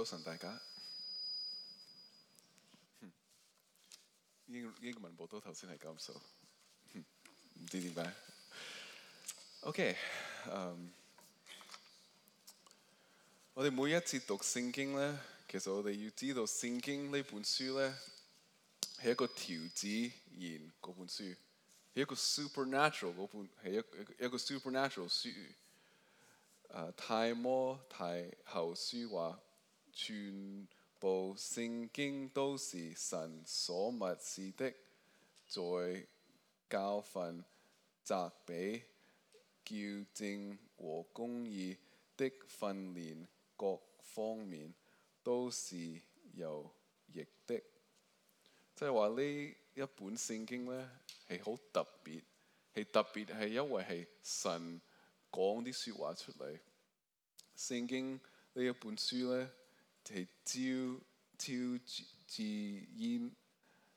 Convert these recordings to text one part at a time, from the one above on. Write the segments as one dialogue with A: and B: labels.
A: 早晨大家，英英文部都頭先係咁受，唔知點解。OK，我哋每一次讀聖經咧，其實我哋要知道聖經呢本書咧係一個調子然嗰本書，係一個 supernatural 嗰本係一一個 supernatural 書，誒提摩太後書話。全部聖經都是神所默示的，在教訓、責備、矯正和公義的訓練各方面，都是有益的。即係話呢一本聖經呢，係好特別，係特別係因為係神講啲說話出嚟，聖經呢一本書呢。係招招致煙，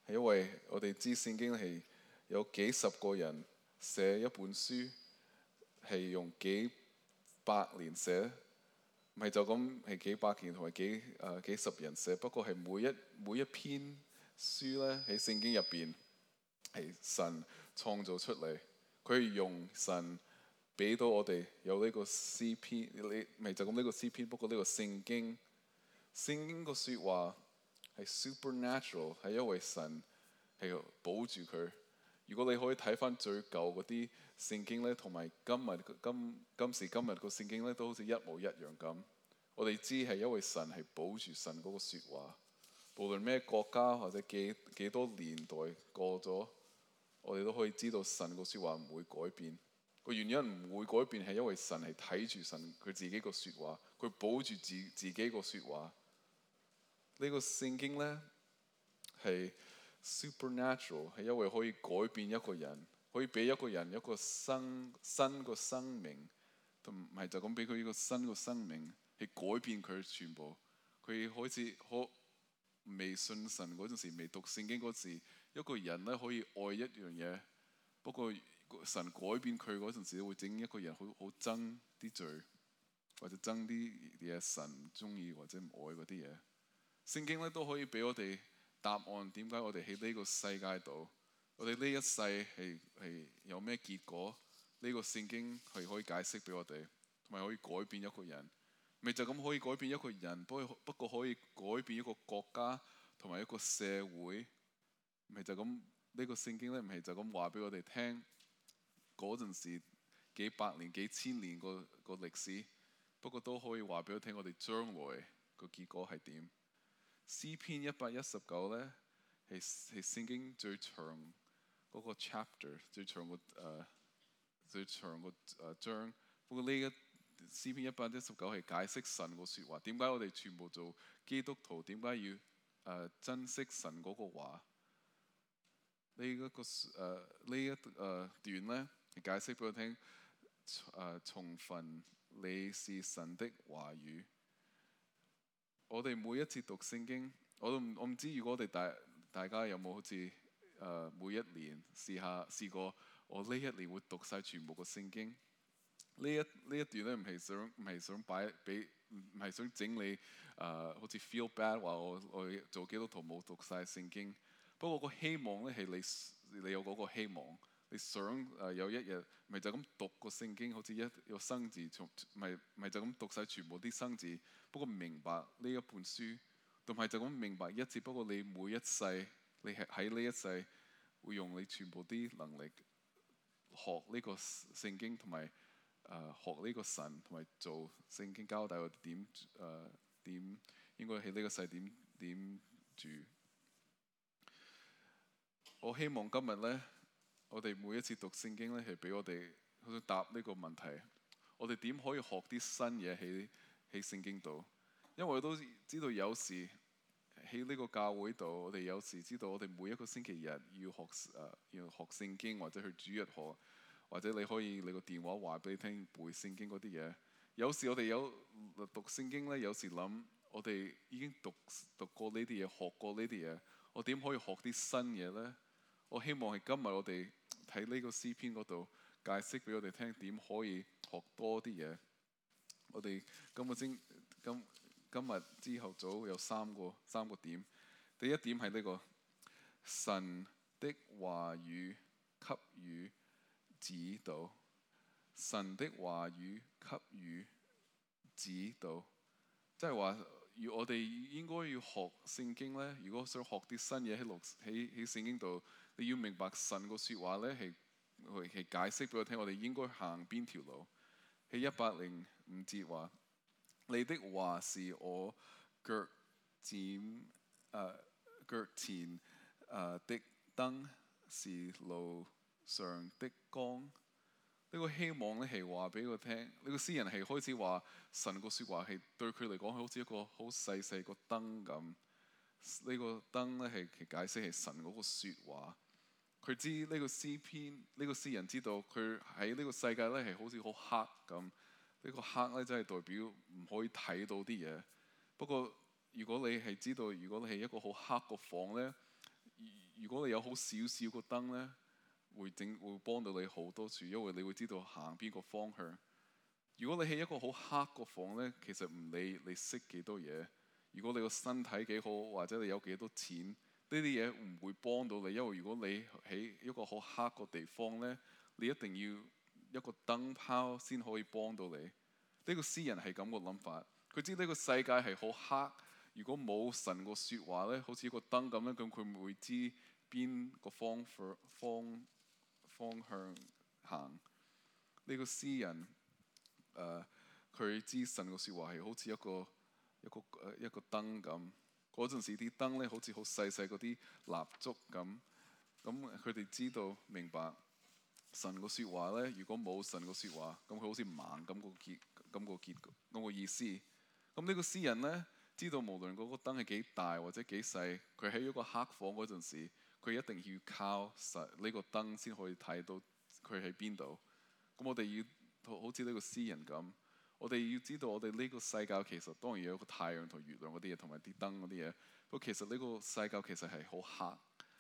A: 係因為我哋知聖經係有幾十個人寫一本書，係用幾百年寫，唔係就咁係幾百年同埋幾誒、啊、幾十人寫。不過係每一每一篇書咧喺聖經入邊係神創造出嚟，佢用神俾到我哋有呢個詩篇你唔係就咁呢個詩篇，不過呢個聖經。聖經個説話係 supernatural，係因為神係保住佢。如果你可以睇返最舊嗰啲聖經咧，同埋今日今今時今日個聖經咧，都好似一模一樣咁。我哋知係因為神係保住神嗰個説話，無論咩國家，或者幾幾多年代過咗，我哋都可以知道神個説話唔會改變。個原因唔會改變係因為神係睇住神佢自己個説話，佢保住自自己個説話。呢個聖經呢，係 supernatural，係因為可以改變一個人，可以俾一個人一個新新個生命，同唔係就咁俾佢一個新個生命，去改變佢全部。佢開始好未信神嗰陣時，未讀聖經嗰時，一個人呢可以愛一樣嘢，不過神改變佢嗰陣時，會整一個人好好憎啲罪，或者憎啲嘢神唔中意或者唔愛嗰啲嘢。聖經咧都可以俾我哋答案，點解我哋喺呢個世界度，我哋呢一世係係有咩結果？呢個聖經係可以解釋俾我哋，同埋可以改變一個人。咪就咁可以改變一個人，不不過可以改變一個國家，同埋一個社會。咪就咁呢個聖經咧，唔係就咁話俾我哋聽，嗰陣時幾百年、幾千年個個歷史，不過都可以話俾我聽，我哋將來個結果係點？詩篇一百一十九咧，係係聖經最長嗰個 chapter，最長個誒最長個誒章。不過呢一詩篇一百一十九係解釋神個説話，點解我哋全部做基督徒，點解要誒珍惜神嗰個話？呢一個誒呢一誒段咧，係解釋俾我聽誒，崇奉你是神的話語。我哋每一次讀聖經，我都唔我唔知，如果我哋大大家有冇好似誒、呃、每一年試下試過，我呢一年會讀晒全部個聖經呢一呢一段咧唔係想唔係想擺俾唔係想整理，誒、呃、好似 feel bad 話我我做基督徒冇讀晒聖經，不過個希望咧係你你有嗰個希望。你想誒、呃、有一日，咪就咁讀個聖經，好似一個生字，咪咪就咁讀晒全部啲生字。不過明白呢一本書，同埋就咁明白一次。不過你每一世，你係喺呢一世會用你全部啲能力學呢個聖經，同埋誒學呢個神，同埋做聖經交代我點誒點，應該喺呢個世點點住。我希望今日咧。我哋每一次讀聖經咧，係俾我哋好似答呢個問題：我哋點可以學啲新嘢喺喺聖經度？因為都知道有時喺呢個教會度，我哋有時知道我哋每一個星期日要學誒、呃、要學聖經，或者去主日學，或者你可以你個電話話俾你聽背聖經嗰啲嘢。有時我哋有讀聖經咧，有時諗我哋已經讀讀過呢啲嘢，學過呢啲嘢，我點可以學啲新嘢咧？我希望係今日我哋喺呢個詩篇嗰度，解釋俾我哋聽，點可以學多啲嘢。我哋今個先今今日之後早有三個三個點。第一點係呢個神的話語給予指導。神的話語給予指導，即係話要我哋應該要學聖經呢？如果想學啲新嘢喺六喺喺聖經度。你要明白神個說話咧，係係解釋俾我聽，我哋應該行邊條路。喺一百零五節話，你的話是我腳前誒腳、啊、前誒、啊、的燈，是路上的光。呢個希望咧係話俾佢聽，呢個詩人係開始話神個說話係對佢嚟講係好似一個好細細個燈咁。呢個燈咧係其解釋係神嗰個説話。佢知呢個詩篇，呢個詩人知道佢喺呢個世界咧係好似好黑咁。呢個黑咧真係代表唔可以睇到啲嘢。不過如果你係知道，如果你係一個好黑個房咧，如果你有好少少個燈咧，會整會幫到你好多處，因為你會知道行邊個方向。如果你係一個好黑個房咧，其實唔理你識幾多嘢，如果你個身體幾好，或者你有幾多錢。呢啲嘢唔會幫到你，因為如果你喺一個好黑個地方呢，你一定要一個燈泡先可以幫到你。呢個詩人係咁個諗法，佢知呢個世界係好黑，如果冇神個説話呢，好似一個燈咁樣，咁佢唔會知邊個方向方方向行。呢個詩人呃、佢知神個説話係好似一個一個、呃、一個燈咁。嗰陣時啲燈咧，好似好細細嗰啲蠟燭咁。咁佢哋知道明白神個説話咧。如果冇神個説話，咁佢好似盲咁個結咁個結嗰個意思。咁呢個詩人咧，知道無論嗰個燈係幾大或者幾細，佢喺一個黑房嗰陣時，佢一定要靠神呢個燈先可以睇到佢喺邊度。咁我哋要好似呢個詩人咁。我哋要知道，我哋呢個世界其實當然有個太陽同月亮嗰啲嘢，同埋啲燈嗰啲嘢。不過其實呢個世界其實係好黑。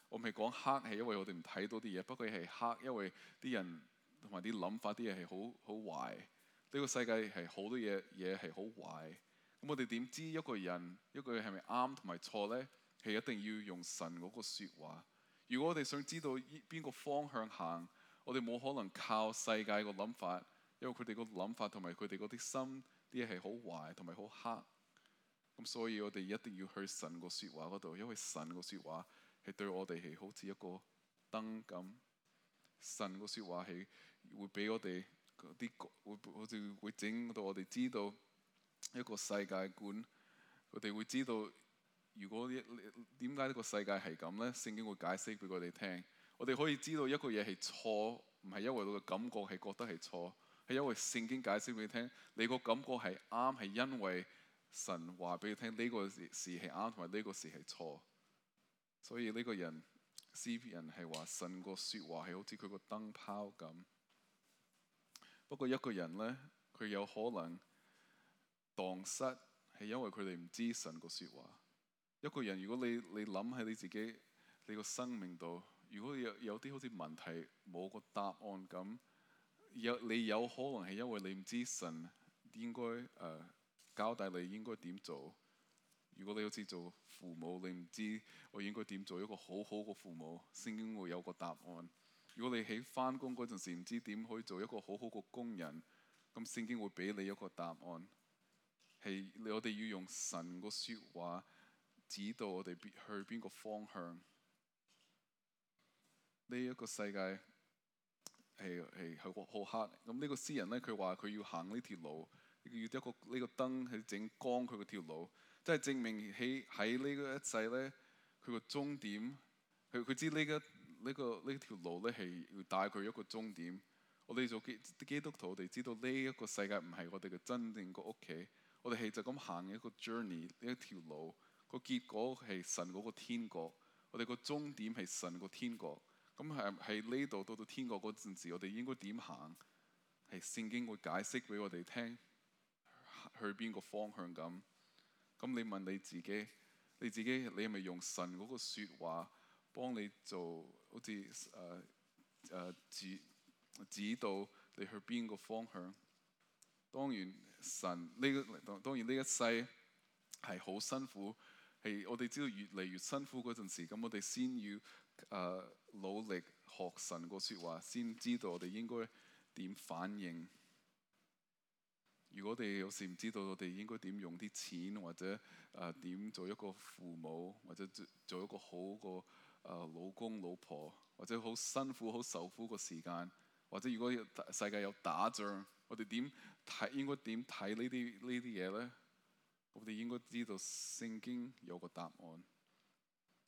A: 我唔係講黑，係因為我哋唔睇到啲嘢。不過係黑，因為啲人同埋啲諗法啲嘢係好好壞。呢個世界係好多嘢，嘢係好壞。咁我哋點知一個人一句係咪啱同埋錯呢？係一定要用神嗰個説話。如果我哋想知道邊個方向行，我哋冇可能靠世界個諗法。因為佢哋個諗法同埋佢哋嗰啲心啲嘢係好壞同埋好黑，咁所以我哋一定要去神個説話嗰度。因為神個説話係對我哋係好似一個燈咁，神個説話係會俾我哋啲會好似會整到我哋知道一個世界觀。我哋會知道如果點解呢個世界係咁咧？聖經會解釋俾我哋聽。我哋可以知道一個嘢係錯，唔係因為我個感覺係覺得係錯。因為聖經解釋俾你聽，你個感覺係啱，係因為神話俾你聽呢個事係啱，同埋呢個事係錯。所以呢個人，詩篇人係話神個説話係好似佢個燈泡咁。不過一個人呢，佢有可能蕩失，係因為佢哋唔知神個説話。一個人如果你你諗喺你自己你個生命度，如果有有啲好似問題冇個答案咁。有你有可能係因為你唔知神應該誒、呃、交代你應該點做。如果你好似做父母，你唔知我應該點做一個好好嘅父母，聖經會有個答案。如果你喺返工嗰陣時唔知點可以做一個好好嘅工人，咁聖經會畀你一個答案。係我哋要用神嘅説話指導我哋去邊個方向。呢、這、一個世界。係係好黑咁，呢個詩人咧，佢話佢要行呢條路，要一個呢個燈去整光佢個條路，即係證明喺喺呢個一世咧，佢個終點，佢佢知呢個呢個呢個條路呢個呢個呢條路咧係要帶佢一個終點。我哋做基督徒，我哋知道呢一個世界唔係我哋嘅真正個屋企，我哋係就咁行嘅一個 journey，呢一條路，個結果係神嗰個天國，我哋個終點係神個天國。咁係喺呢度到到天國嗰陣時，我哋應該點行？係聖經會解釋俾我哋聽去邊個方向咁？咁你問你自己，你自己你係咪用神嗰個説話幫你做，好似誒誒指指導你去邊個方向？當然神呢個，當然呢一世係好辛苦，係我哋知道越嚟越辛苦嗰陣時，咁我哋先要。誒、uh, 努力學神個説話，先知道我哋應該點反應。如果我哋有時唔知道我哋應該點用啲錢，或者誒點、uh, 做一個父母，或者做一個好個誒、uh, 老公老婆，或者好辛苦好受苦個時間，或者如果世界有打仗，我哋點睇應該點睇呢啲呢啲嘢咧？我哋應該知道聖經有個答案。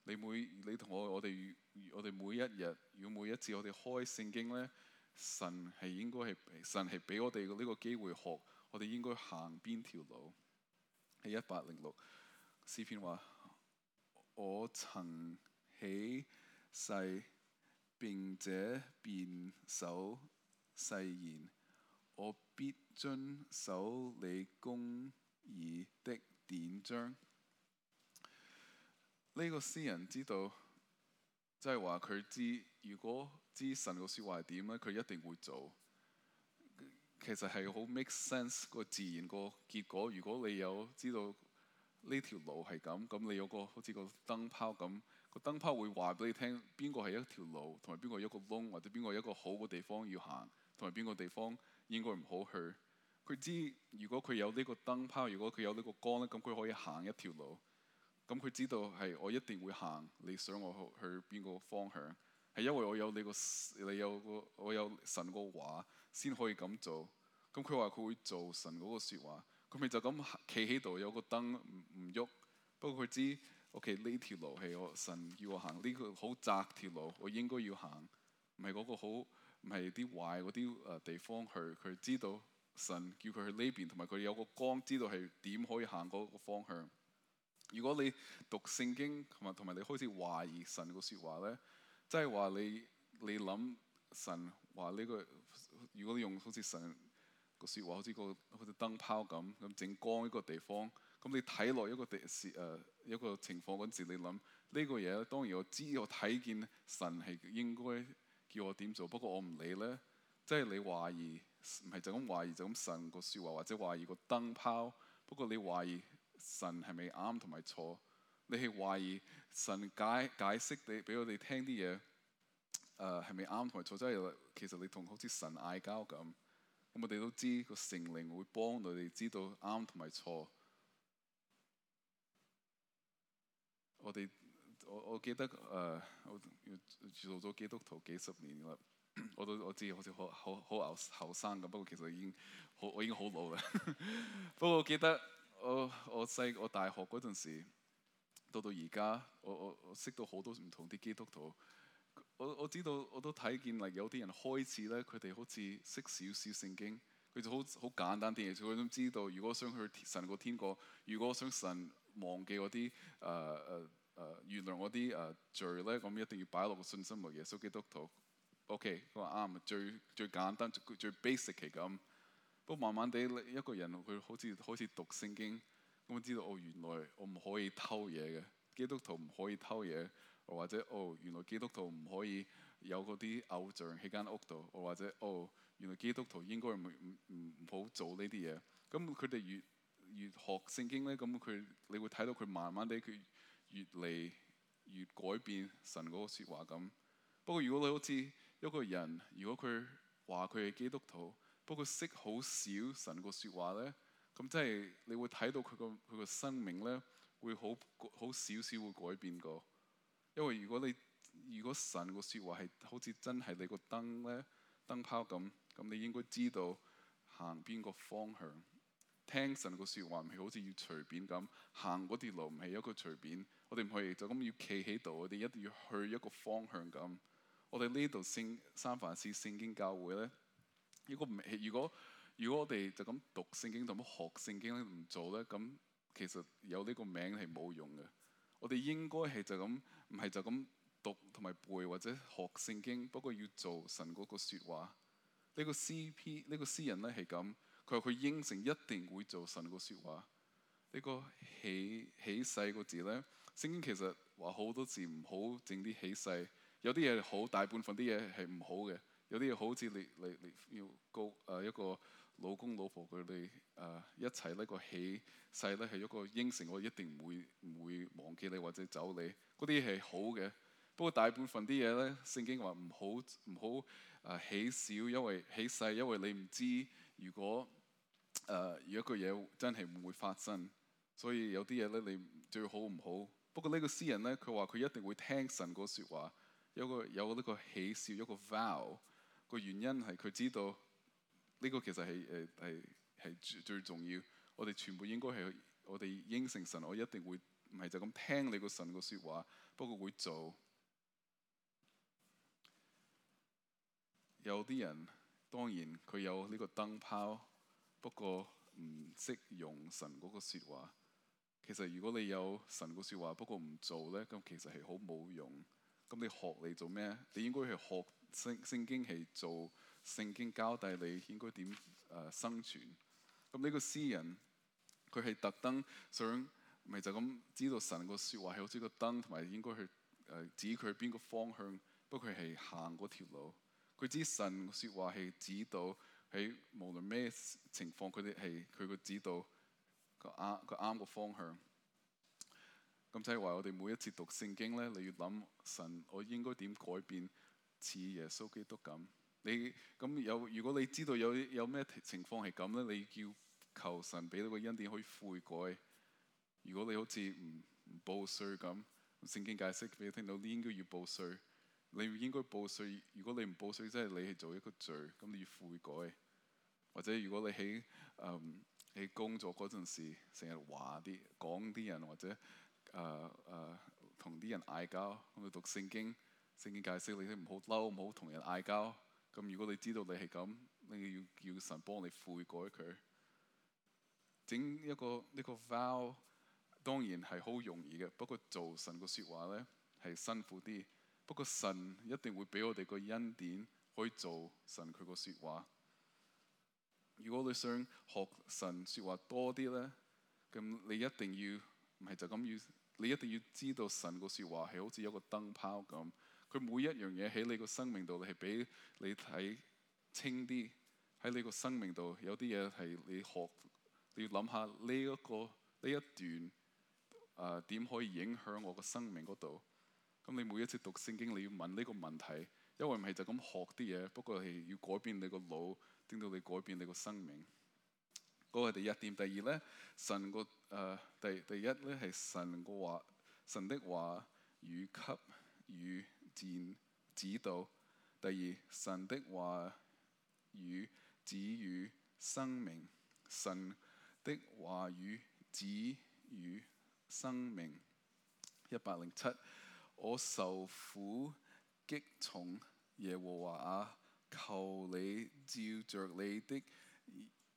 A: 你每你同我，我哋，我哋每一日，如果每一次我哋開聖經咧，神係應該係神係俾我哋呢個機會學，我哋應該行邊條路？喺一百零六詩篇話：我曾起誓，並且便守誓言，我必遵守你公義的典章。呢個詩人知道，即係話佢知，如果知神嘅説話係點咧，佢一定會做。其實係好 make sense 個自然個結果。如果你有知道呢條路係咁，咁你有個好似個燈泡咁，個燈泡會話俾你聽邊個係一條路，同埋邊個一個窿，或者邊個一個好嘅地方要行，同埋邊個地方應該唔好去。佢知如果佢有呢個燈泡，如果佢有呢個光咧，咁佢可以行一條路。咁佢知道係我一定會行，你想我去去邊個方向？係因為我有你個，你有個，我有神個話先可以咁做。咁佢話佢會做神嗰個説話。佢咪就咁企喺度，有個燈唔，唔喐。不過佢知，OK 呢條路係我神叫我行呢個好窄條路，我應該要行，唔係嗰個好，唔係啲壞嗰啲誒地方去。佢知道神叫佢去呢邊，同埋佢有個光，知道係點可以行嗰個方向。如果你讀聖經同埋同埋你開始懷疑神個説話咧，即係話你你諗神話呢個，如果你用好似神個説話好似個好似燈泡咁咁整光一個地方，咁你睇落一個地是、呃、一個情況嗰陣時，你諗呢個嘢咧，當然我知我睇見神係應該叫我點做，不過我唔理咧。即係你懷疑，唔係就咁懷疑就咁神個説話，或者懷疑個燈泡。不過你懷疑。神係咪啱同埋錯？你係懷疑神解解釋你俾我哋聽啲嘢，誒係咪啱同埋錯？真係其實你同好似神嗌交咁。咁我哋都知個聖靈會幫你哋知道啱同埋錯。我哋我我記得誒，呃、我做咗基督徒幾十年啦，我都我知好似好好好後生咁，不過其實已經好我已經好老啦。不 過我記得。我我細我大學嗰陣時，到到而家，我我我識到好多唔同啲基督徒，我我知道我都睇見嚟有啲人開始咧，佢哋好似識少少少聖經，佢就好好簡單啲嘢，佢都知道如果我想去神個天國，如果我想神忘記嗰啲誒誒誒，原諒嗰啲誒罪咧，咁一定要擺落個信心落耶穌基督徒。OK，佢話啱啊，最最簡單最最 basic 係咁。不過慢慢地，你一個人佢好似開始讀聖經，咁、嗯、知道哦，原來我唔可以偷嘢嘅，基督徒唔可以偷嘢，或者哦，原來基督徒唔可以有嗰啲偶像喺間屋度，或者哦，原來基督徒應該唔唔唔好做呢啲嘢。咁佢哋越越學聖經咧，咁、嗯、佢你會睇到佢慢慢地佢越嚟越改變神嗰個説話咁。不過如果你好似一個人，如果佢話佢係基督徒。不過識好少神個説話咧，咁真係你會睇到佢個佢個生命咧，會好好少少會改變個。因為如果你如果神個説話係好似真係你個燈咧燈泡咁，咁你應該知道行邊個方向。聽神個説話唔係好似要隨便咁行嗰條路，唔係一個隨便。我哋唔可以就咁要企喺度，我哋一定要去一個方向咁。我哋呢度聖三藩市聖經教會咧。如果唔係，如果如果我哋就咁讀聖經同埋學聖經咧，唔做咧，咁其實有呢個名係冇用嘅。我哋應該係就咁，唔係就咁讀同埋背或者學聖經，不過要做神嗰個説話。呢個 C.P. 呢個詩人咧係咁，佢話佢應承一定會做神個説話。呢個起起勢個字咧，聖經其實話好多字唔好整啲起勢，有啲嘢好，大半份啲嘢係唔好嘅。有啲嘢好似你你你要告誒、呃、一個老公老婆佢哋誒一齊呢個起誓咧係一個應承，我一定唔會唔會忘記你或者走你，嗰啲係好嘅。不過大部分啲嘢咧，聖經話唔好唔好誒起誓，因為起誓，因為你唔知如果誒如果個嘢真係唔會發生，所以有啲嘢咧你最好唔好。不過呢個詩人咧，佢話佢一定會聽神個説話，有個有呢個起誓，有，個，有個 vow。個原因係佢知道呢個其實係誒係係最重要。我哋全部應該係我哋應承神，我一定會唔係就咁聽你個神個説話，不過會做。有啲人當然佢有呢個燈泡，不過唔識用神嗰個説話。其實如果你有神個説話，不過唔做咧，咁其實係好冇用。咁你學嚟做咩？你應該去學聖聖經，係做聖經交代你應該點誒生存。咁呢個詩人，佢係特登想，咪就咁知道神個說話係好似個燈，同埋應該去誒、呃、指佢去邊個方向，不過佢係行嗰條路。佢知神說話係指導喺無論咩情況，佢哋係佢個指導個啱個方向。咁即係話，我哋每一次讀聖經咧，你要諗神，我應該點改變，似耶穌基督咁。你咁有如果你知道有有咩情況係咁咧，你要求神俾到個恩典可以悔改。如果你好似唔報稅咁，聖經解釋俾你聽到，你應該要報稅。你應該報稅。如果你唔報稅，即係你去做一個罪，咁你要悔改。或者如果你喺誒喺工作嗰陣時，成日話啲講啲人或者。誒誒，同啲、呃呃、人嗌交，咁、嗯、去讀聖經，聖經解釋你都唔好嬲，唔好同人嗌交。咁、嗯、如果你知道你係咁，你要叫神幫你悔改佢，整一個呢、這個 vow，當然係好容易嘅。不過做神個説話咧係辛苦啲，不過神一定會俾我哋個恩典可以做神佢個説話。如果你想學神説話多啲咧，咁、嗯、你一定要唔係就咁要。你一定要知道神說個説話係好似有個燈泡咁，佢每一樣嘢喺你個生命度係俾你睇清啲。喺你個生命度有啲嘢係你學，你要諗下呢一、這個呢一段，誒、呃、點可以影響我個生命嗰度？咁你每一次讀聖經，你要問呢個問題，因為唔係就咁學啲嘢，不過係要改變你個腦，令到你改變你個生命。嗰係第一點，第二咧，神個誒第、呃、第一咧係神嘅話，神的話語給與指指導，第二神的話語指予生命，神的話語指予生命。一百零七，我受苦極重，耶和華啊，求你照着你的。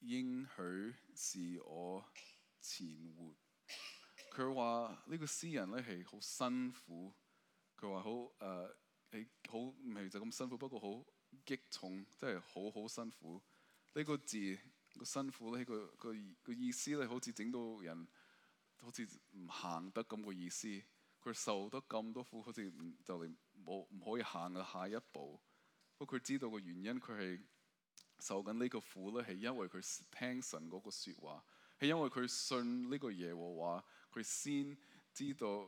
A: 應許是我前活。佢話、這個、呢個詩人咧係好辛苦。佢話好誒，係好唔係就咁辛苦，不過好激重，真係好好辛苦。呢、這個字、這個辛苦咧，這個、這個、這個這個意思咧，好似整到人好似唔行得咁個意思。佢受得咁多苦，好似唔就嚟冇唔可以行嘅下一步。不過佢知道個原因，佢係，受緊呢個苦咧，係因為佢聽神嗰個説話，係因為佢信呢個耶和華，佢先知道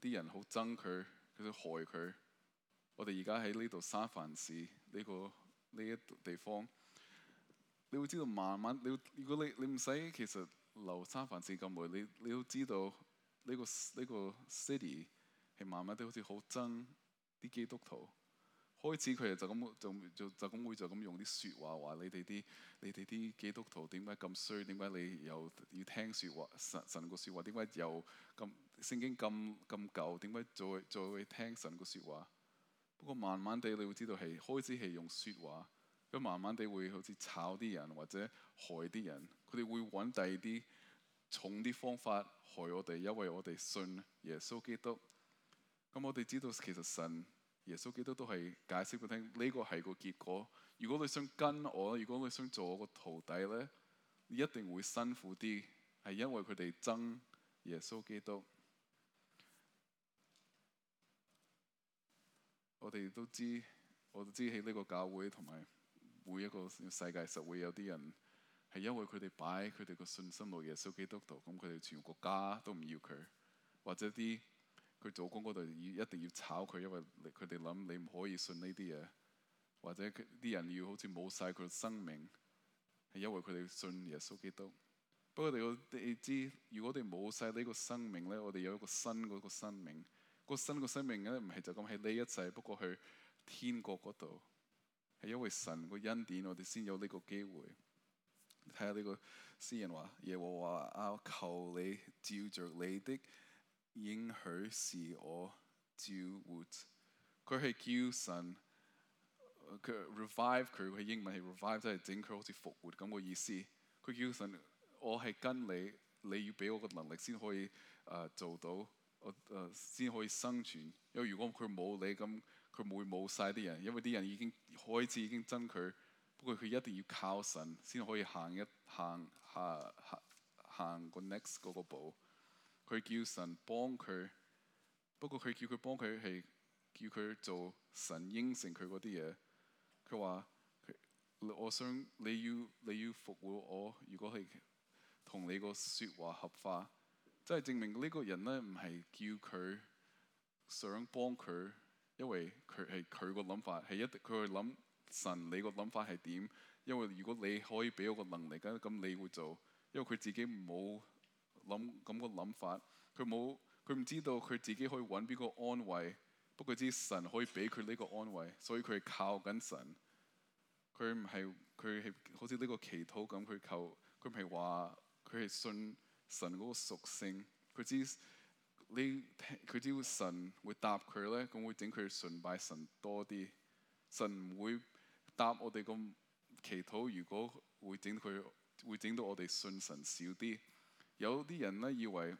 A: 啲人好憎佢，佢就害佢。我哋而家喺呢度三藩市呢、這個呢一、這個、地方，你會知道慢慢，你如果你你唔使其實留三藩市咁耐，你你都知道呢、這個呢、這個 city 係慢慢啲好似好憎啲基督徒。開始佢哋就咁就就就咁會就咁用啲説話，話你哋啲你哋啲基督徒點解咁衰？點解你又要聽説話神神個説話？點解又咁聖經咁咁舊？點解再再會聽神個説話？不過慢慢地你會知道，係開始係用説話，咁慢慢地會好似炒啲人或者害啲人。佢哋會揾第二啲重啲方法害我哋，因為我哋信耶穌基督。咁我哋知道其實神。耶穌基督都係解釋俾聽，呢個係個結果。如果你想跟我，如果你想做我個徒弟咧，你一定會辛苦啲，係因為佢哋憎耶穌基督。我哋都知，我都知喺呢個教會同埋每一個世界實會有啲人，係因為佢哋擺佢哋個信心落耶穌基督度，咁佢哋全國家都唔要佢，或者啲。佢做工嗰度要一定要炒佢，因為佢哋諗你唔可以信呢啲嘢，或者啲人要好似冇晒佢嘅生命，係因為佢哋信耶穌基督。不過你知，如果我哋冇晒呢個生命咧，我哋有一個新嗰個生命。個新個生命咧唔係就咁喺呢一世，不過去天國嗰度，係因為神個恩典，我哋先有呢個機會。睇下呢個詩人話，耶和華啊，求你照着你的。應許使我復活，佢係叫神佢 revive 佢，佢係英文係 revive 即係整佢好似復活咁、個意思。佢叫神，我係跟你，你要俾我個能力先可以誒、呃、做到，誒、呃、先可以生存。因為如果佢冇你，咁佢會冇晒啲人。因為啲人已經開始已經憎佢。不過佢一定要靠神先可以行一行下行行,行,行個 next 嗰個步。佢叫神幫佢，不過佢叫佢幫佢係叫佢做神應承佢嗰啲嘢。佢話：我想你要你要復活我，如果係同你個説話合法，即係證明呢個人咧唔係叫佢想幫佢，因為佢係佢個諗法，係一定佢係諗神你個諗法係點。因為如果你可以俾我個能力咧，咁你會做，因為佢自己冇。諗咁個諗法，佢冇，佢唔知道佢自己可以揾邊個安慰，不過知神可以俾佢呢個安慰，所以佢係靠緊神。佢唔係，佢係好似呢個祈禱咁，佢求佢唔係話佢係信神嗰個屬性，佢知你，佢知神會答佢咧，咁會整佢崇拜神多啲。神唔會答我哋個祈禱，如果會整佢會整到我哋信神少啲。有啲人咧以為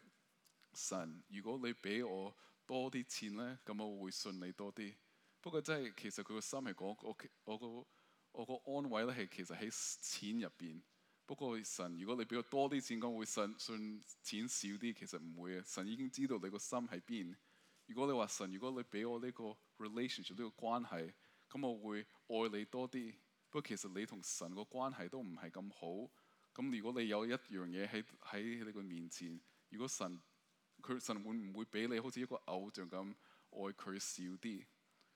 A: 神，如果你俾我多啲錢咧，咁我會信你多啲。不過真係，其實佢個心係講我，我個我個安慰咧係其實喺錢入邊。不過神，如果你俾我多啲錢，咁我會信信錢少啲，其實唔會嘅。神已經知道你個心喺邊。如果你話神，如果你俾我呢個 relationship 呢個關係，咁我會愛你多啲。不過其實你同神個關係都唔係咁好。咁如果你有一樣嘢喺喺你個面前，如果神佢神會唔會俾你好似一個偶像咁愛佢少啲？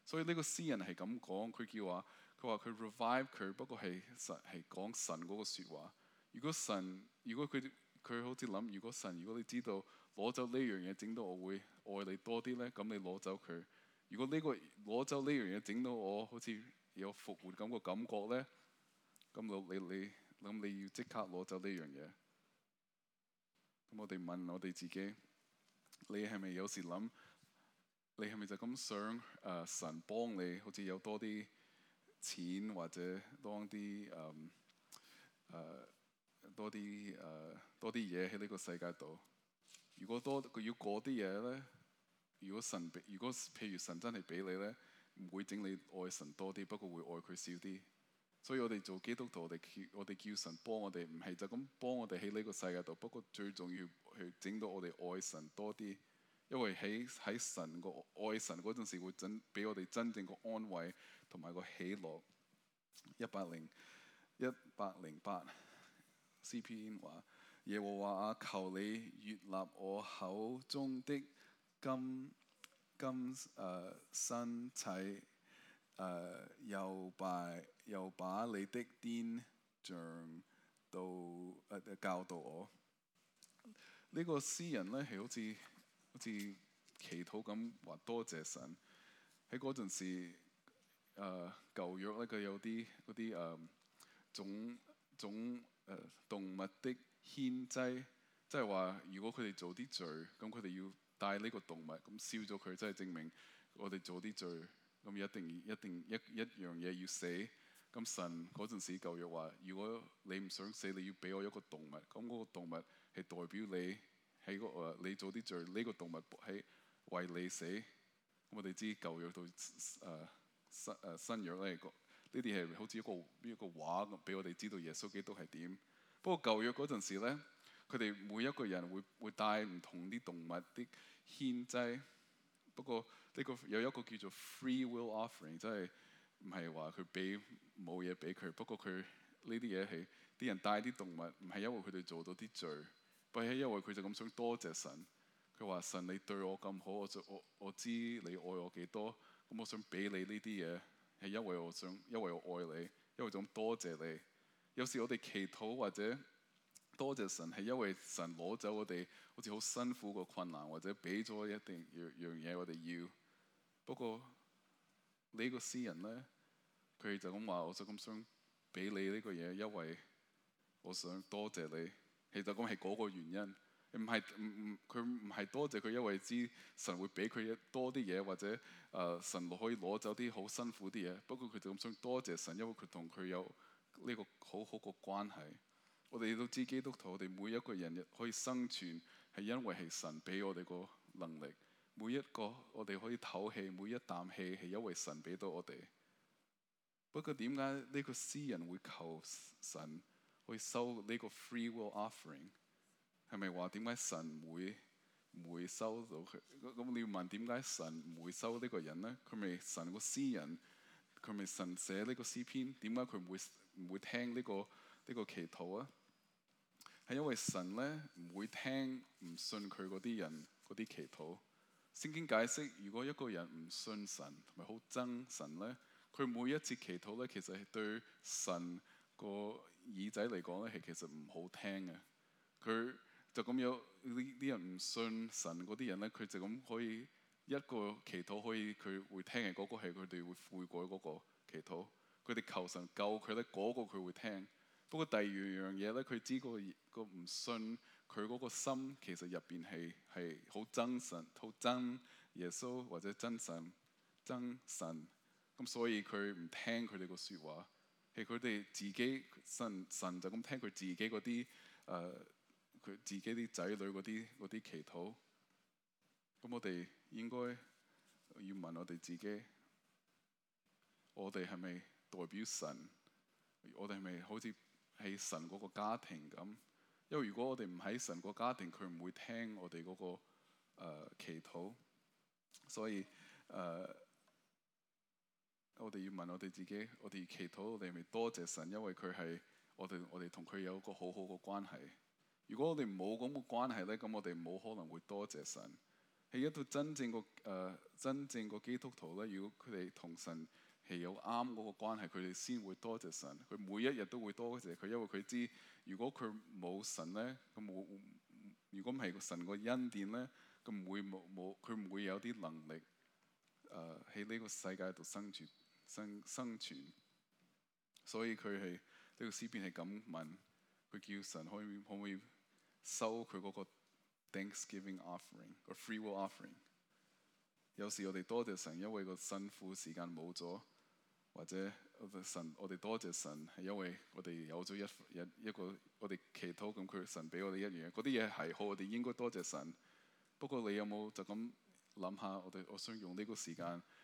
A: 所以呢個詩人係咁講，佢叫話佢話佢 revive 佢，不過係神係講神嗰個説話。如果神如果佢佢好似諗，如果神如果你知道攞走呢樣嘢整到我會愛你多啲呢，咁你攞走佢；如果呢、呢個攞走呢樣嘢整到我好似有復活咁個感覺呢，咁就你你。你你要即刻攞走呢樣嘢。咁我哋問我哋自己：你係咪有時諗？你係咪就咁想誒、呃、神幫你？好似有多啲錢或者多啲誒誒多啲誒、呃、多啲嘢喺呢個世界度？如果多佢要嗰啲嘢咧，如果神俾，如果譬如神真係俾你咧，唔會整你愛神多啲，不過會愛佢少啲。所以我哋做基督徒，我哋叫我哋叫神幫我哋，唔係就咁幫我哋喺呢個世界度。不過最重要去整到我哋愛神多啲，因為喺喺神個愛神嗰陣時，會整俾我哋真正個安慰同埋個喜樂，一百零一百零八，C.P. 話，耶和華啊，求你悅納我口中的金金誒、呃、身體誒又、呃、拜。又把你的典章到誒、啊、教導我呢，這個詩人咧，係好似好似祈禱咁，話多謝神喺嗰陣時誒舊、啊、約咧，佢有啲嗰啲誒種種誒、啊、動物的獻祭，即係話如果佢哋做啲罪，咁佢哋要帶呢個動物，咁燒咗佢，即係證明我哋做啲罪，咁一定一定一一樣嘢要死。咁神嗰陣時舊約話：如果你唔想死，你要俾我一個動物。咁嗰個動物係代表你喺嗰個你做啲罪，呢、這個動物喺為你死。我哋知舊約到誒新誒、啊、新約咧，呢啲係好似一個一個畫俾我哋知道耶穌基督係點。不過舊約嗰陣時咧，佢哋每一個人會會帶唔同啲動物啲獻祭。不過呢個有一個叫做 free will offering，即係。唔係話佢俾冇嘢俾佢，不過佢呢啲嘢係啲人帶啲動物，唔係因為佢哋做到啲罪，不過係因為佢就咁想多謝神。佢話神你對我咁好，我就我我知你愛我幾多，咁我想俾你呢啲嘢，係因為我想，因為我愛你，因為想多謝你。有時我哋祈禱或者多謝神，係因為神攞走我哋好似好辛苦個困難，或者俾咗一定樣嘢我哋要。不過你個詩人咧。佢就咁話，我想咁想俾你呢個嘢，因為我想多謝你。其實咁係嗰個原因，唔係唔唔，佢唔係多謝佢，因為知神會俾佢多啲嘢，或者誒、呃、神可以攞走啲好辛苦啲嘢。不過佢就咁想多謝神，因為佢同佢有呢個好好個關係。我哋都知基督徒，我哋每一個人可以生存，係因為係神俾我哋個能力。每一個我哋可以唞氣，每一啖氣係因為神俾到我哋。不過點解呢個詩人會求神去收呢個 free will offering？係咪話點解神會唔會收到佢？咁你要問點解神唔會收呢個人咧？佢咪神個詩人，佢咪神寫呢個詩篇？點解佢唔會唔會聽呢個呢個祈禱啊？係因為神咧唔會聽，唔信佢嗰啲人嗰啲祈禱。聖經解釋，如果一個人唔信神，同埋好憎神咧。佢每一次祈禱咧，其實係對神個耳仔嚟講咧，係其實唔好聽嘅。佢就咁有啲啲人唔信神嗰啲人咧，佢就咁可以一個祈禱可以佢會聽嘅嗰、嗰個係佢哋會悔改嗰個祈禱。佢哋求神救佢咧，嗰、嗰個佢會聽。不過第二樣嘢咧，佢知、嗰個、嗰個唔信佢嗰個心其實入邊係係好憎神，好憎耶穌或者憎神憎神。憎神。咁所以佢唔聽佢哋個說話，係佢哋自己。神神就咁聽佢自己嗰啲，誒佢自己啲仔女嗰啲嗰啲祈禱。咁我哋應該要問我哋自己：我哋係咪代表神？我哋係咪好似喺神嗰個家庭咁？因為如果我哋唔喺神個家庭，佢唔會聽我哋嗰個、呃、祈禱。所以誒。呃我哋要問我哋自己，我哋祈禱，我哋係咪多謝神，因為佢係我哋我哋同佢有一個好好嘅關係。如果我哋冇咁嘅關係咧，咁我哋冇可能會多謝神。係一個真正個誒、呃、真正個基督徒咧，如果佢哋同神係有啱嗰個關係，佢哋先會多謝神。佢每一日都會多謝佢，因為佢知如果佢冇神咧，佢冇如果唔係神個恩典咧，佢唔會冇冇佢唔會有啲能力誒喺呢個世界度生存。生,生存，所以佢係呢個詩篇係咁問，佢叫神可以可唔可以收佢嗰個 Thanksgiving offering 個 Free Will offering？有時我哋多謝神，因為個辛苦時間冇咗，或者神我哋多謝神係因為我哋有咗一一一個我哋祈禱咁，佢神俾我哋一樣嗰啲嘢係好，我哋應該多謝神。不過你有冇就咁諗下？我哋我想用呢個時間。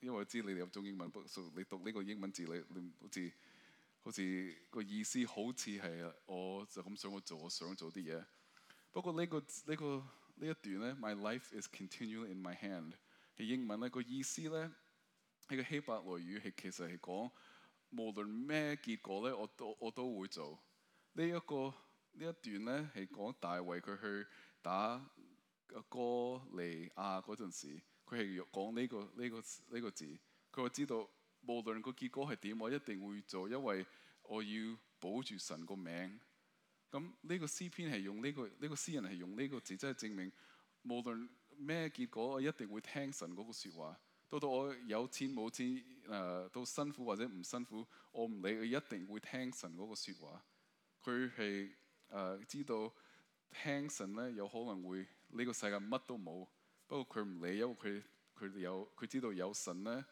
A: 因為我知你哋有種英文，你讀呢個英文字，你你好似好似個意思好，好似係我就咁想，我做我想做啲嘢。不過呢、呢個呢、呢個呢、呢個、一段咧，my life is continuing in my hand，嘅英文呢、嗰個意思咧，呢個希伯來語係其實係講無論咩結果咧，我都我都會做。呢一個呢一段咧係講大衛佢去打阿哥利亞嗰陣時。佢係要講呢個呢個呢個字，佢話知道無論個結果係點，我一定會做，因為我要保住神個名。咁呢個詩篇係用呢個呢個詩人係用呢個字，真係證明無論咩結果，我一定會聽神嗰個説話。到到我有錢冇錢誒，到辛苦或者唔辛苦，我唔理，我一定會聽神嗰個説話。佢係誒知道聽神咧，有可能會呢個世界乜都冇。不過佢唔理，因為佢佢有佢知道有神咧，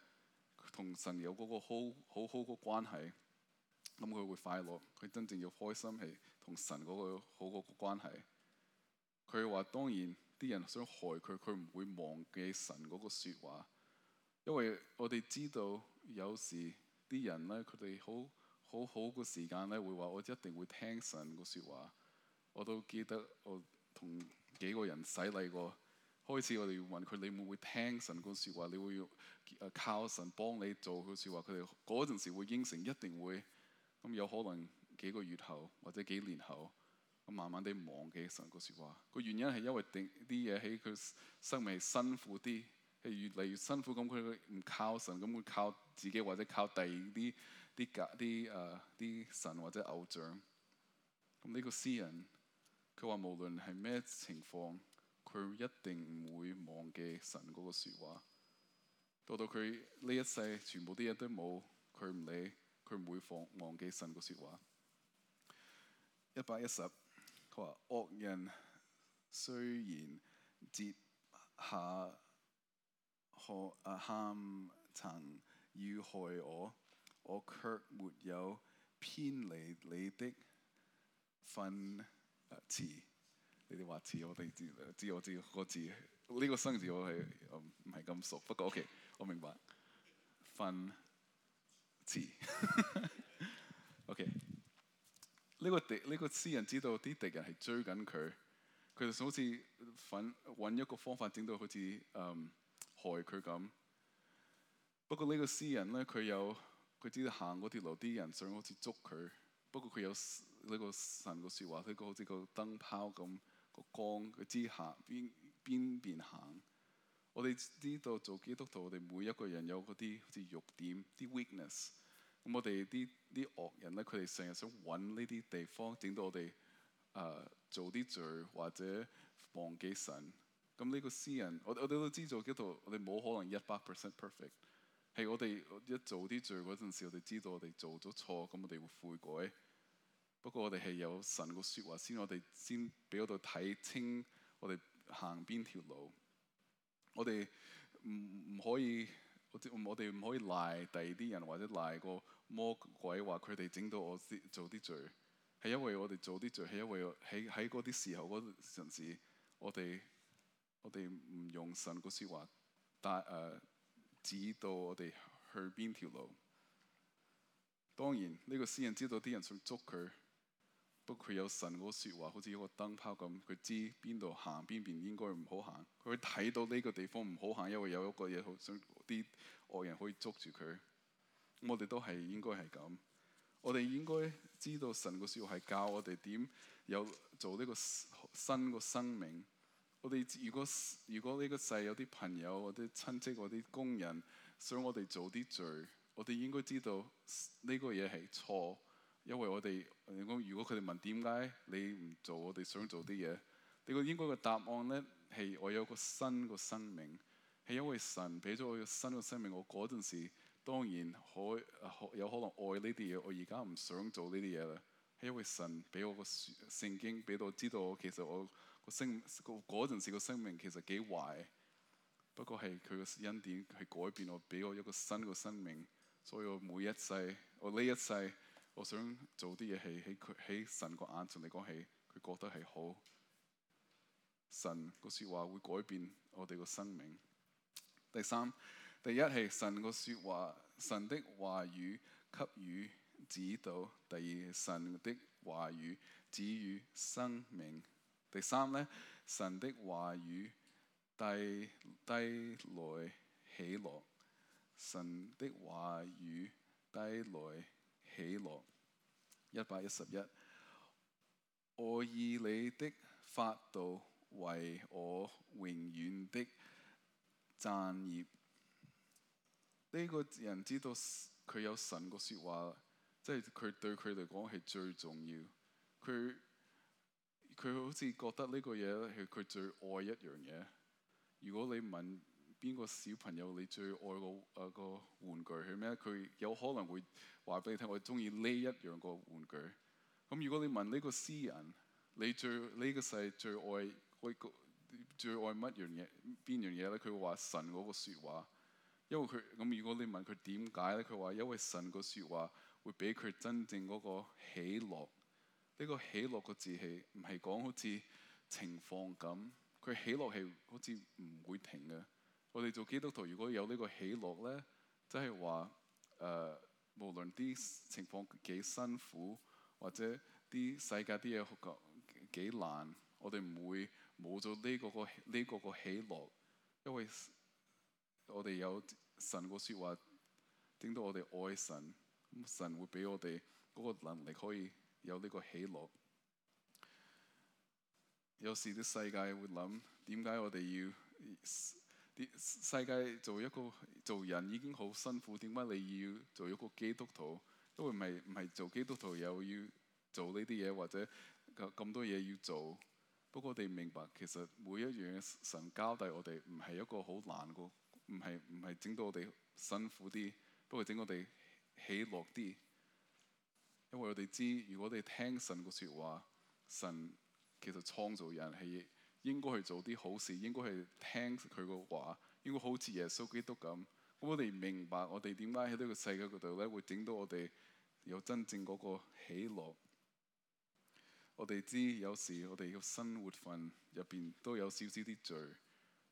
A: 同神有嗰個好好好個關係，咁、嗯、佢會快樂。佢真正要開心係同神嗰個好嗰個關係。佢話：當然啲人想害佢，佢唔會忘記神嗰個説話，因為我哋知道有時啲人咧，佢哋好好好個時間咧，會話我一定會聽神個説話。我都記得我同幾個人洗禮過。開始我哋要問佢：你會唔會聽神個説話？你會用誒靠神幫你做佢説話？佢哋嗰陣時會應承，一定會。咁有可能幾個月後，或者幾年後，咁慢慢地忘記神個説話。個原因係因為啲嘢喺佢生命辛苦啲，越嚟越辛苦，咁佢唔靠神，咁佢靠自己或者靠第二啲啲啲誒啲神或者偶像。咁呢個詩人，佢話無論係咩情況。佢一定唔會忘記神嗰個説話，到到佢呢一世全部啲嘢都冇，佢唔理，佢唔會放忘記神個説話。一百一十，佢話惡人雖然設下喝啊喊曾要害我，我卻沒有偏離你的訓詞。呢啲話字我哋知，知我知個字呢個生字我係唔係咁熟，不過 OK，我明白。訓字 OK，呢個敵呢、呢個詩人知道啲敵人係追緊佢，佢就好似揾揾一個方法整到好似、嗯、害佢咁。不過個呢個詩人咧，佢有佢知道行嗰條路啲人想好似捉佢，不過佢有呢、呢個神個説話，呢、呢個好似個燈泡咁。光嘅之下，邊邊邊行？我哋知道做基督徒，我哋每一個人有嗰啲好似弱點，啲 weakness。咁我哋啲啲惡人咧，佢哋成日想搵呢啲地方，整到我哋誒、呃、做啲罪，或者忘記神。咁呢個詩人，我我哋都知道做基督徒，我哋冇可能一百 percent perfect。係我哋一做啲罪嗰陣時，我哋知道我哋做咗錯，咁我哋會悔改。不過我哋係有神個說話，先我哋先俾我哋睇清我哋行邊條路。我哋唔唔可以，我哋唔可以賴第二啲人，或者賴個魔鬼，話佢哋整到我做啲罪。係因為我哋做啲罪，係因為喺喺嗰啲時候嗰陣時，我哋我哋唔用神個說話，但誒、呃、指到我哋去邊條路。當然呢、這個詩人知道啲人想捉佢。不過佢有神嗰説話，好似一個燈泡咁，佢知邊度行邊邊應該唔好行。佢睇到呢個地方唔好行，因為有一個嘢好想啲外人可以捉住佢。我哋都係應該係咁。我哋應該知道神嘅説話係教我哋點有做呢個新嘅生命。我哋如果如果呢個世有啲朋友、或者親戚、或者工人想我哋做啲罪，我哋應該知道呢個嘢係錯。因為我哋如果佢哋問點解你唔做我哋想做啲嘢，你個應該個答案咧係我有個新個生命，係因為神俾咗我個新個生命。我嗰陣時當然可有可能愛呢啲嘢，我而家唔想做呢啲嘢啦。係因為神俾我個聖經俾到知道，我其實我個生個嗰陣時個生命其實幾壞，不過係佢個恩典係改變我，俾我一個新個生命，所以我每一世我呢一世。我想做啲嘢，係喺佢喺神個眼前嚟講，起佢覺得係好。神個說話會改變我哋個生命。第三，第一係神個說話，神的話語給予指導。第二，神的話語指予生命；第三咧，神的話語，帶帶來喜樂。神的話語，帶來。喜樂，一百一十一，1> 1, 我以你的法度為我永遠的產業。呢個人知道佢有神個說話，即係佢對佢嚟講係最重要。佢佢好似覺得呢個嘢係佢最愛一樣嘢。如果你問？邊個小朋友你最愛個啊個玩具係咩？佢有可能會話俾你聽，我中意呢一樣個玩具。咁如果你問呢個詩人，你最呢個世最愛最最愛乜樣嘢？邊樣嘢咧？佢會話神嗰個説話，因為佢咁。如果你問佢點解咧，佢話因為神個説話會俾佢真正嗰個喜樂。呢個喜樂個字係唔係講好似情況咁，佢喜樂係好似唔會停嘅。我哋做基督徒如果有呢個喜樂咧，即係話誒，無論啲情況幾辛苦，或者啲世界啲嘢幾難，我哋唔會冇咗呢個個呢個個喜樂，因為我哋有神個説話，令到我哋愛神，咁神會俾我哋嗰個能力可以有呢個喜樂。有時啲世界會諗，點解我哋要？啲世界做一個做人已經好辛苦，點解你要做一個基督徒？因為唔係唔係做基督徒又要做呢啲嘢，或者咁多嘢要做。不過我哋明白，其實每一樣神交代我哋，唔係一個好難過，唔係唔係整到我哋辛苦啲，不過整我哋喜樂啲。因為我哋知，如果我哋聽神嘅説話，神其實創造人係。應該去做啲好事，應該去聽佢嘅話，應該好似耶穌基督咁。咁我哋明白，我哋點解喺呢個世界嗰度咧，會整到我哋有真正嗰個喜樂。我哋知有時我哋嘅生活份入邊都有少少啲罪，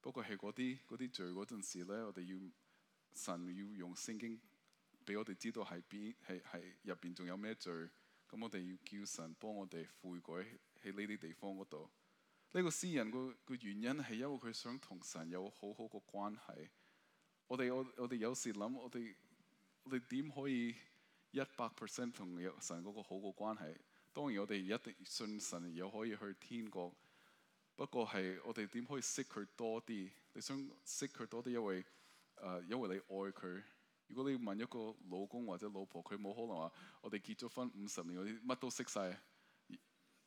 A: 不過係嗰啲啲罪嗰陣時咧，我哋要神要用聖經俾我哋知道喺邊，喺喺入邊仲有咩罪。咁我哋要叫神幫我哋悔改喺呢啲地方嗰度。呢個詩人個個原因係因為佢想同神有好好個關係。我哋我我哋有時諗我哋，你點可以一百 percent 同神嗰個好個關係？當然我哋一定信神又可以去天國。不過係我哋點可以識佢多啲？你想識佢多啲，因為誒、呃，因為你愛佢。如果你問一個老公或者老婆，佢冇可能話：我哋結咗婚五十年，我哋乜都識晒。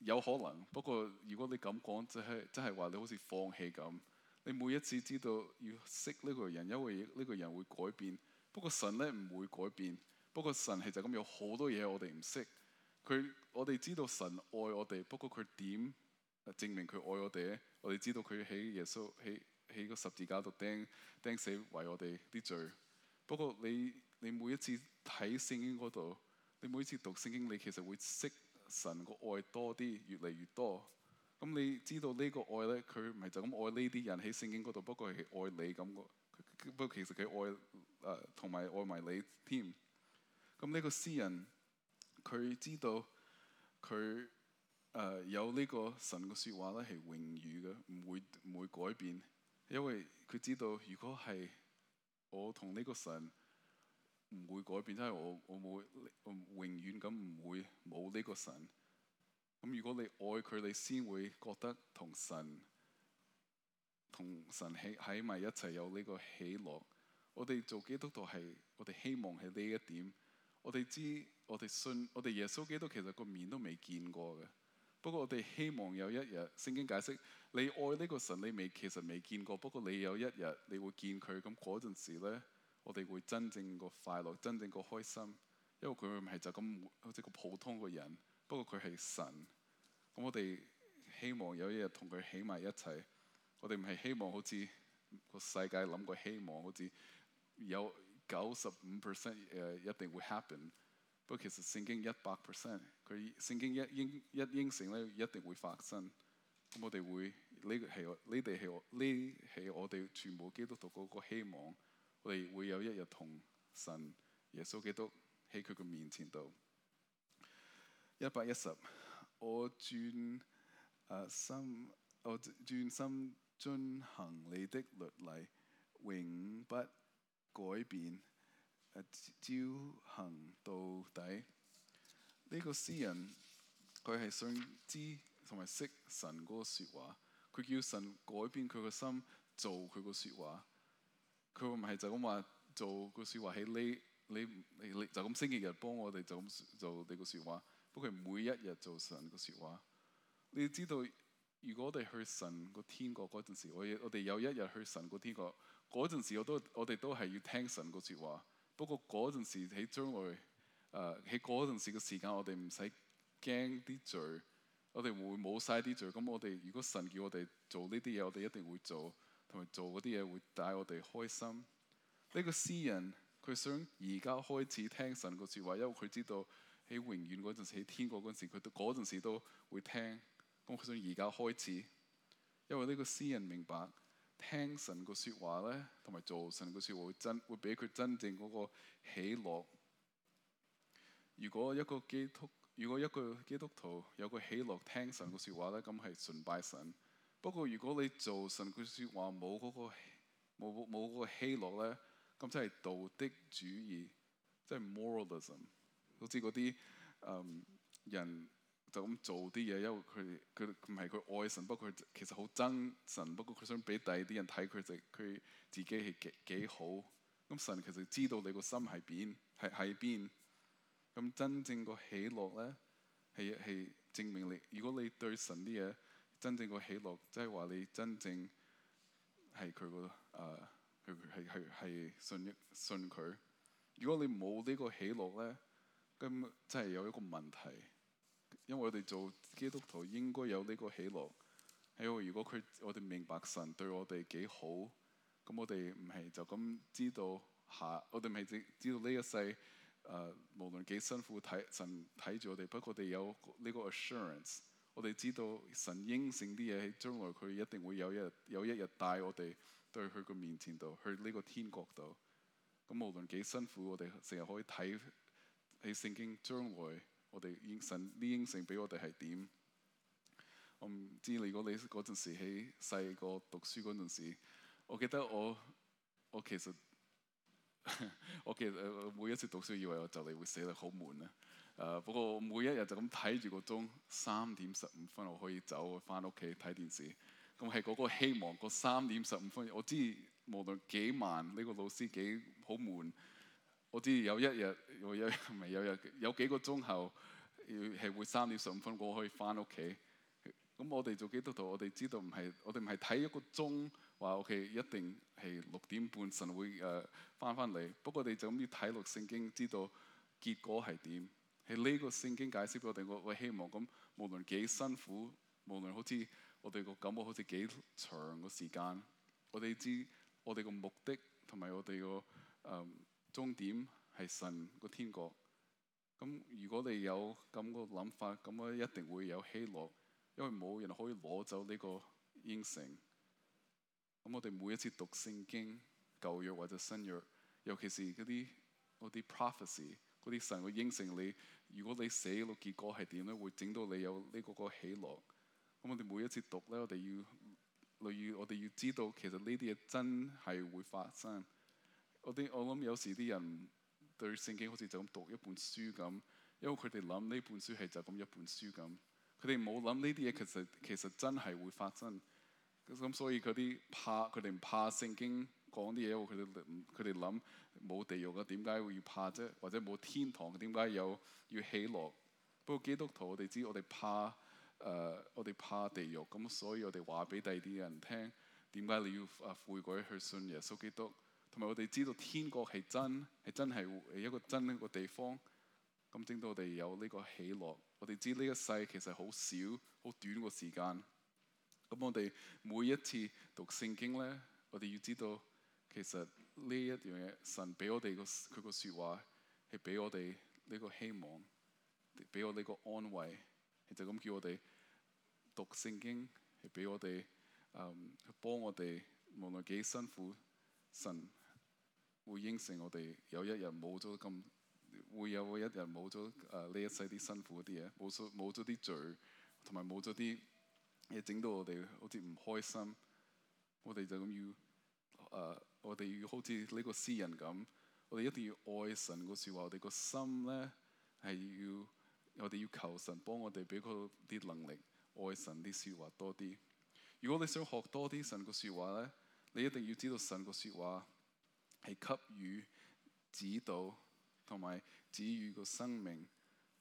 A: 有可能，不過如果你咁講，即係即係話你好似放棄咁。你每一次知道要識呢個人，因為呢個人會改變。呢不過神咧唔會改變。不過神係就咁有好多嘢我哋唔識。佢我哋知道神愛我哋，不過佢點證明佢愛我哋咧？我哋知道佢喺耶穌喺喺個十字架度釘釘死為我哋啲罪。不過你你每一次睇聖經嗰度，你每一次讀聖經，你其實會識。神個愛多啲，越嚟越多。咁你知道呢個愛咧，佢唔係就咁愛呢啲人喺聖經嗰度，不過係愛你咁，不過其實佢愛誒同埋愛埋你添。咁呢個詩人，佢知道佢誒、呃、有呢個神個說話咧係永遠嘅，唔會唔會改變，因為佢知道如果係我同呢個神。唔會改變，因為我我，我會我永遠咁唔會冇呢個神。咁如果你愛佢，你先會覺得同神同神喺喺埋一齊有呢個喜樂。我哋做基督徒係我哋希望係呢一點。我哋知我哋信我哋耶穌基督，其實個面都未見過嘅。不過我哋希望有一日，聖經解釋你愛呢個神，你未其實未見過。不過你有一日你會見佢，咁嗰陣時咧。我哋會真正個快樂，真正個開心，因為佢唔係就咁好似個普通個人，不過佢係神。咁我哋希望有一日同佢喺埋一齊。我哋唔係希望好似個世界諗個希望，好似有九十五 percent 誒一定會 happen。不過其實聖經一百 percent，佢聖經一應一應承咧一定會發生。咁我哋會呢個係我呢啲係我呢係我哋全部基督徒嗰個希望。我哋會有一日同神、耶穌基督喺佢嘅面前度。一百一十，我、啊、轉心，我轉心遵行你的律例，永不改變，誒、啊、照行到底。呢、這個詩人佢係想知同埋識神嗰個説話，佢叫神改變佢嘅心，做佢個説話。佢唔係就咁話做個説話喺呢你呢就咁星期日幫我哋就咁做呢個説話，不過每一日做神個説話。你知道如果我哋去神個天國嗰陣時，我我哋有一日去神個天國嗰陣時我，我都我哋都係要聽神個説話。不過嗰陣時喺將來，誒喺嗰陣時嘅時間，我哋唔使驚啲罪，我哋會冇晒啲罪。咁我哋如果神叫我哋做呢啲嘢，我哋一定會做。同埋做嗰啲嘢會帶我哋開心。呢個詩人佢想而家開始聽神個說話，因為佢知道喺永遠嗰陣時，喺天國嗰陣時，佢都嗰陣時都會聽，咁佢想而家開始，因為呢個詩人明白聽神個說話咧，同埋做神個說話會真會俾佢真正嗰個喜樂。如果一個基督，如果一個基督徒有個喜樂，聽神個說話咧，咁係崇拜神。不過如果你做神佢説話冇嗰、嗰個冇冇嗰個喜樂咧，咁真係道德主義，真係 moralism 好似嗰啲誒、嗯、人就咁做啲嘢，因為佢佢唔係佢愛神，不過佢其實好憎神，不過佢想俾第二啲人睇佢哋佢自己係幾幾好。咁神其實知道你個心喺邊係喺邊。咁真正個喜樂咧係係證明你。如果你對神啲嘢，真正個喜樂，即係話你真正係佢個誒，係係係信一信佢。如果你冇呢個喜樂咧，咁真係有一個問題。因為我哋做基督徒應該有呢個喜樂。係如果佢我哋明白神對我哋幾好，咁我哋唔係就咁知道下，我哋唔係只知道呢一世誒、呃、無論幾辛苦，睇神睇住我哋，不過我哋有呢個 assurance。我哋知道神應承啲嘢喺將來，佢一定會有一日有一日帶我哋對佢個面前度，去呢個天國度。咁無論幾辛苦，我哋成日可以睇喺聖經將來我我，我哋應神啲應承俾我哋係點？我唔知，如果你嗰陣時喺細個讀書嗰陣時，我記得我我其實 我其實每一次讀書以為我就嚟會死得好悶啊！誒、啊，不過每一日就咁睇住個鐘，三點十五分我可以走翻屋企睇電視。咁係嗰個希望，嗰三點十五分，我知無論幾慢，呢、這個老師幾好悶，我知有一日，有有咪有日，有幾個鐘後，要係會三點十五分我可以翻屋企。咁我哋做基督徒，我哋知道唔係，我哋唔係睇一個鐘話 OK，一定係六點半神會誒翻翻嚟。不過我哋就咁要睇讀聖經，知道結果係點。係呢個聖經解釋俾我哋，我我希望咁，無論幾辛苦，無論好似我哋個感覺好似幾長個時間，我哋知我哋個目的同埋我哋個誒終點係神個天國。咁如果你有咁個諗法，咁我一定會有喜樂，因為冇人可以攞走呢個應承。咁我哋每一次讀聖經，舊約或者新約，尤其是嗰啲 prophecy。嗰啲神會應承你，如果你死，個結果係點咧？會整到你有呢個個喜樂。咁我哋每一次讀咧，我哋要，例如我哋要知道，其實呢啲嘢真係會發生。我啲我諗有時啲人對聖經好似就咁讀一本書咁，因為佢哋諗呢本書係就咁一本書咁，佢哋冇諗呢啲嘢其實其實真係會發生。咁所以嗰啲怕，佢哋唔怕聖經。講啲嘢，佢哋佢哋諗冇地獄嘅，點解會要怕啫？或者冇天堂嘅，點解有要喜樂？不過基督徒我我、呃，我哋知我哋怕誒，我哋怕地獄。咁所以我哋話俾第二啲人聽，點解你要悔改去信耶穌基督？同埋我哋知道天國係真，係真係一個真一個地方。咁整到我哋有呢個喜樂。我哋知呢一世其實好少、好短個時間。咁我哋每一次讀聖經咧，我哋要知道。其實呢一樣嘢，神俾我哋個佢個說話，係俾我哋呢個希望，俾我呢個安慰，就咁叫我哋讀聖經，係俾我哋，嗯，幫我哋，無論幾辛苦，神會應承我哋，有一日冇咗咁，會有一日冇咗誒呢一世啲辛苦啲嘢，冇咗冇咗啲罪，同埋冇咗啲嘢整到我哋好似唔開心，我哋就咁要誒。呃我哋要好似呢個詩人咁，我哋一定要愛神個説話。我哋個心咧係要，我哋要求神幫我哋俾佢啲能力，愛神啲説話多啲。如果你想學多啲神個説話咧，你一定要知道神個説話係給予指導，同埋指語個生命，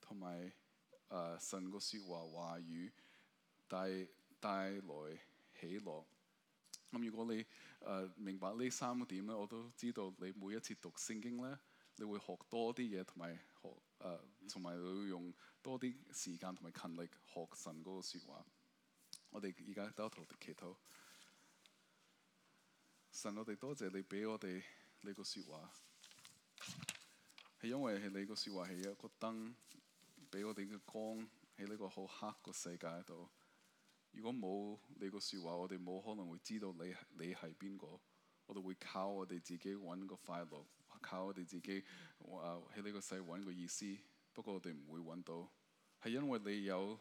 A: 同埋誒神個説話話語帶帶來喜樂。咁、嗯、如果你誒、呃、明白呢三個點咧，我都知道你每一次讀聖經咧，你會學多啲嘢，同埋學誒，同埋你會用多啲時間同埋勤力學神嗰個説話。我哋而家都一途的祈禱，神，我哋多謝你俾我哋呢個説話，係因為係你個説話係一個燈，俾我哋嘅光喺呢個好黑個世界度。如果冇你個説話，我哋冇可能會知道你你係邊個。我哋會靠我哋自己揾個快樂，靠我哋自己喎喺呢個世揾個意思。不過我哋唔會揾到，係因為你有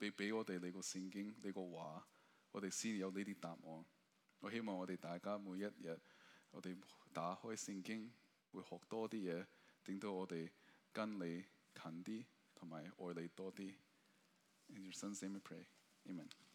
A: 你俾我哋你個聖經，你個話，我哋先有呢啲答案。我希望我哋大家每一日，我哋打開聖經，會學多啲嘢，令到我哋跟你近啲同埋愛你多啲。In your Son's name I pray. Amen.